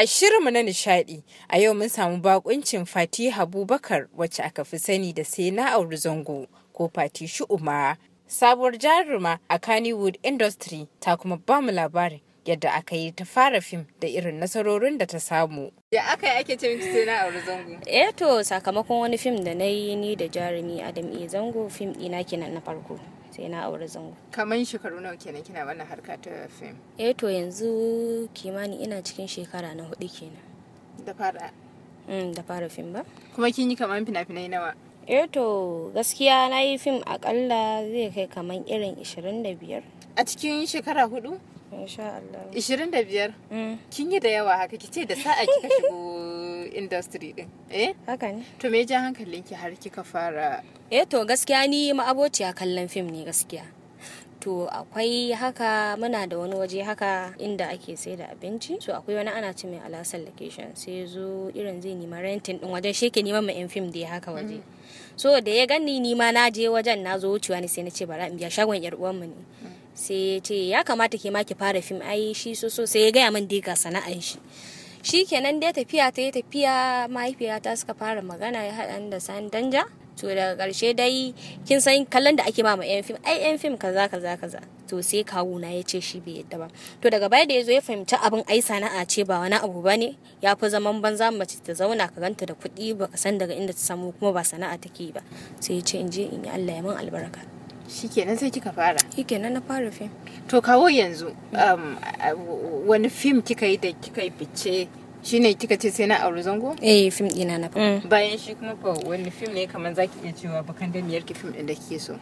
A shirinmu na nishaɗi, a yau mun samu bakuncin Fati Habubakar wacce aka fi sani da sai na auri zango ko Fati Shu'uma. Sabuwar jaruma a Kannywood Industry ta kuma bamu labarin yadda aka yi ta fara fim da irin nasarorin da ta samu. Ya aka yi ake ce miki sai na auri zango? Eh to sakamakon wani fim da na yi ni da jarumi Adam E zango fim ɗina kenan na farko. sai na auri zango. Kamar shekaru nawa kenan kina wannan harka ta fim? Eh to yanzu kimani ina cikin shekara na hudu kenan. Da fara? Mm, da fara fim ba. Kuma kin yi kamar fina-finai nawa? Eh to gaskiya na yi fim akalla zai kai kaman irin 25. A cikin shekara hudu? insha Allah 25 mm. kin yi da yawa haka kice da sa'a kika shigo industry din eh haka ne to me ja ki har kika fara eh to gaskiya ni ma'abociya kallon fim ne gaskiya to akwai haka muna da wani waje haka inda ake sai da abinci to akwai wani ana ci mai alasan location sai zo irin zai nima rentin din wajen shi ke neman mai fim da ya haka waje mm. so da ya gani nima na je wajen na zo wucewa ne sai na ce bara in biya shagon yar uwanmu ne mm. sai ya ce ya kamata ke ma ki fara fim ai shi so so sai ya gaya min dai ga sana'an shi shi kenan dai tafiya ta yi tafiya mahaifiyata suka fara magana ya haɗa da san danja to daga ƙarshe dai kin san kallon da ake ma ma yan fim ai yan fim kaza kaza kaza to sai kawu na ya ce shi bai yadda ba to daga baya da ya zo ya fahimci abin ai sana'a ce ba wani abu ba ne ya fi zaman banza mace ta zauna ka ganta da kuɗi ka san daga inda ta samu kuma ba sana'a take ba sai ya ce in je in yi Allah ya min albarka shikenan sai kika fara shikenan na fara fim to kawo yanzu um, wani fim kika yi da kika yi fice shine kika ce sai na auri zango eh fim dina na mm. bayan shi kuma fa wani fim ne kamar zaki iya cewa bakan da miyar ki fim din da kike so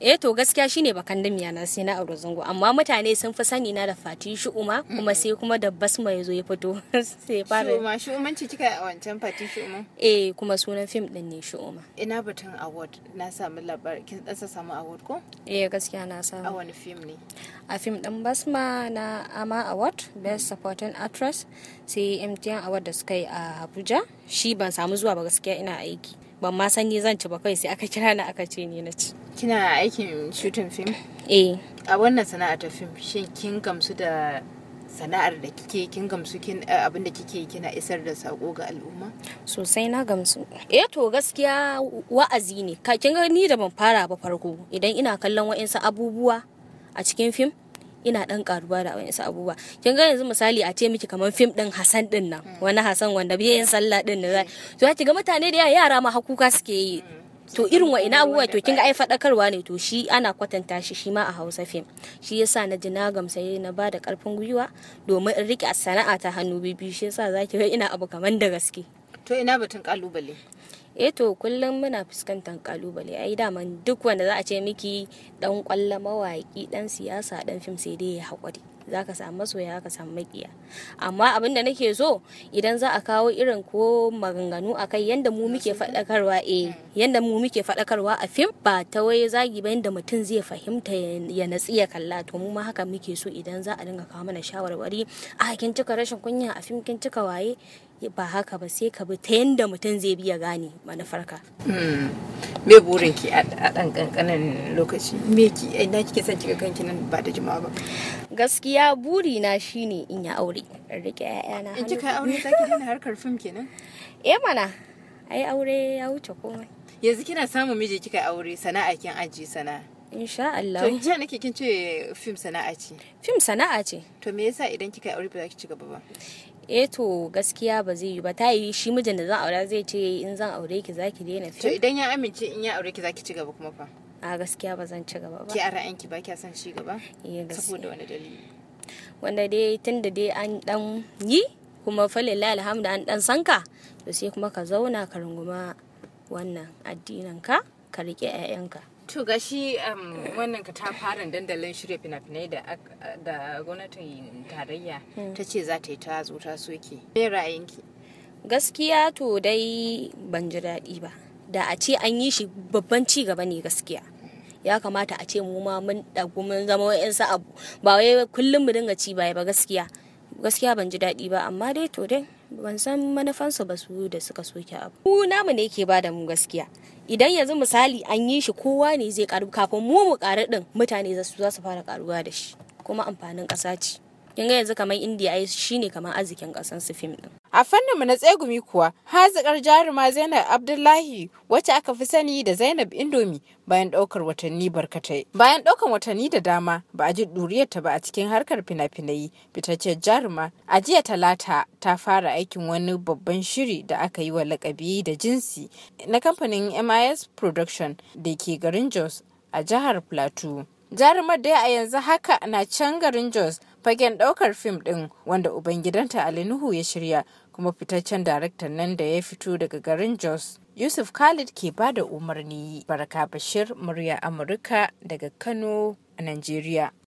eh to gaskiya shine bakan damiya na sai na aure zango amma mutane sun fi sani na da fati shu'uma kuma sai kuma da basma yazo ya fito sai fara shu'uma ci kika a wancan fati shu'uma eh kuma sunan fim din ne shu'uma ina batun award na samu labar kin dan samu award ko eh gaskiya na samu a wani fim ne a fim din basma na ama award best supporting actress sai mtn award da suka yi a abuja shi ban samu zuwa ba gaskiya ina aiki ban ma san ni zan ci ba kai sai aka kira ni aka ce ni na ci kina aikin shooting film eh a wannan sana'ar ta film shin kin gamsu da sana'ar da kike kin gamsu kin eh, abin da kike kina isar da sako ga al'umma sosai na gamsu eh to gaskiya wa'azi ne ka kin ga ni da ban fara ba farko idan ina kallon wa'insu abubuwa a cikin fim ina dan karuwa da wani abubuwa kin ga yanzu misali a ce miki kamar fim din Hassan din nan mm. wani Hassan wanda bai yin sallah din nan mm. to ki ga mutane da yara ma hakuka suke yi mm. to irin wa ina abubuwa to kinga ai fadakarwa ne to shi ana kwatanta shi shi ma a Hausa fim shi yasa na jina gamsaye na ba da karfin gwiwa domin in rike sana'a ta hannu bibi shi yasa zaki ga ina abu kamar da gaske to ina batun kalubale eh to kullum muna fuskantar kalubale ai daman duk wanda za a ce miki dan kwallo mawaki dan siyasa dan fim sai dai ya hakuri za ka samu masoya ka samu makiya amma abin da nake so idan za a kawo irin ko maganganu a kai yadda mu muke faɗakarwa eh yadda mu muke faɗakarwa a fim ba ta waye zagi ba yadda mutum zai fahimta ya natsi ya kalla to mu ma haka muke so idan za a dinga kawo mana shawarwari a ah, kin cika rashin kunya a fim kin cika waye ba haka ba sai ka bi ta yadda mutum zai biya gane manufarka. Hmm. me burin ki a ɗan ƙanƙanin lokaci me ki ina kike son kika kanki nan ba da jima ba gaskiya buri na shine in ya aure in rike ƴaƴana in kika aure zaki daina harkar fim kenan eh mana ai aure ya wuce komai yanzu kina samun miji kika aure sana'a kin aji sana'a insha Allah to jiya nake kin ce fim sana'a ce fim sana'a ce to me yasa idan kika aure ba za ki ci gaba ba eh to gaskiya ba zai yi ba ta yi shi mijin da zan aura zai ce in zan aure ki zaki daina fi to idan ya amince in ya aure ki zaki ci gaba kuma fa a gaskiya ba zan ci gaba ba ki a ra'ayinki ba ki san ci gaba eh saboda wani dalili wanda dai tunda dai an dan yi kuma falilla alhamdu an dan sanka to sai kuma ka zauna ka runguma wannan addinin ka ka rike 'ya'yanka to ga shi wannan fara dandalin shirya fina-finai da gwamnatin tarayya hmm. ta ce za ta yi ta zo ta soke me ra'ayinki gaskiya to dai ban ji daɗi ba da a ce an yi shi babban ci gaba ne gaskiya ya kamata a ce mu ma mun ɗagu mun zama wa'yansu abu ba wai kullum mu dinga ci baya ba gaskiya gaskiya ban ji daɗi ba amma dai to dai ban san manufansu ba su da suka soke abu mu namu ne ke bada mu gaskiya idan yanzu misali an yi shi kowa ne zai karu kafin mu mu karu din mutane za su fara karuwa da shi kuma amfanin ƙasa ce kin ga yanzu kamar indiya ai shine kamar arzikin kasan su fim din a fannin mu na tsegumi kuwa hazikar jaruma zainab abdullahi wacce aka fi sani da zainab indomi bayan daukar watanni barkatai bayan daukar watanni da dama ba a ji duriyar ta ba a cikin harkar fina-finai jaruma a jiya talata ta fara aikin wani babban shiri da aka yi wa lakabi da jinsi na kamfanin mis production da ke garin jos a jihar plateau jarumar dai a yanzu haka na can garin jos fagen ɗaukar fim ɗin wanda ubangidanta Ali Nuhu ya shirya kuma fitaccen daraktan nan da ya fito daga garin Jos. Yusuf Khalid ke ba da umarni. Baraka Bashir, murya Amurka daga Kano a Najeriya.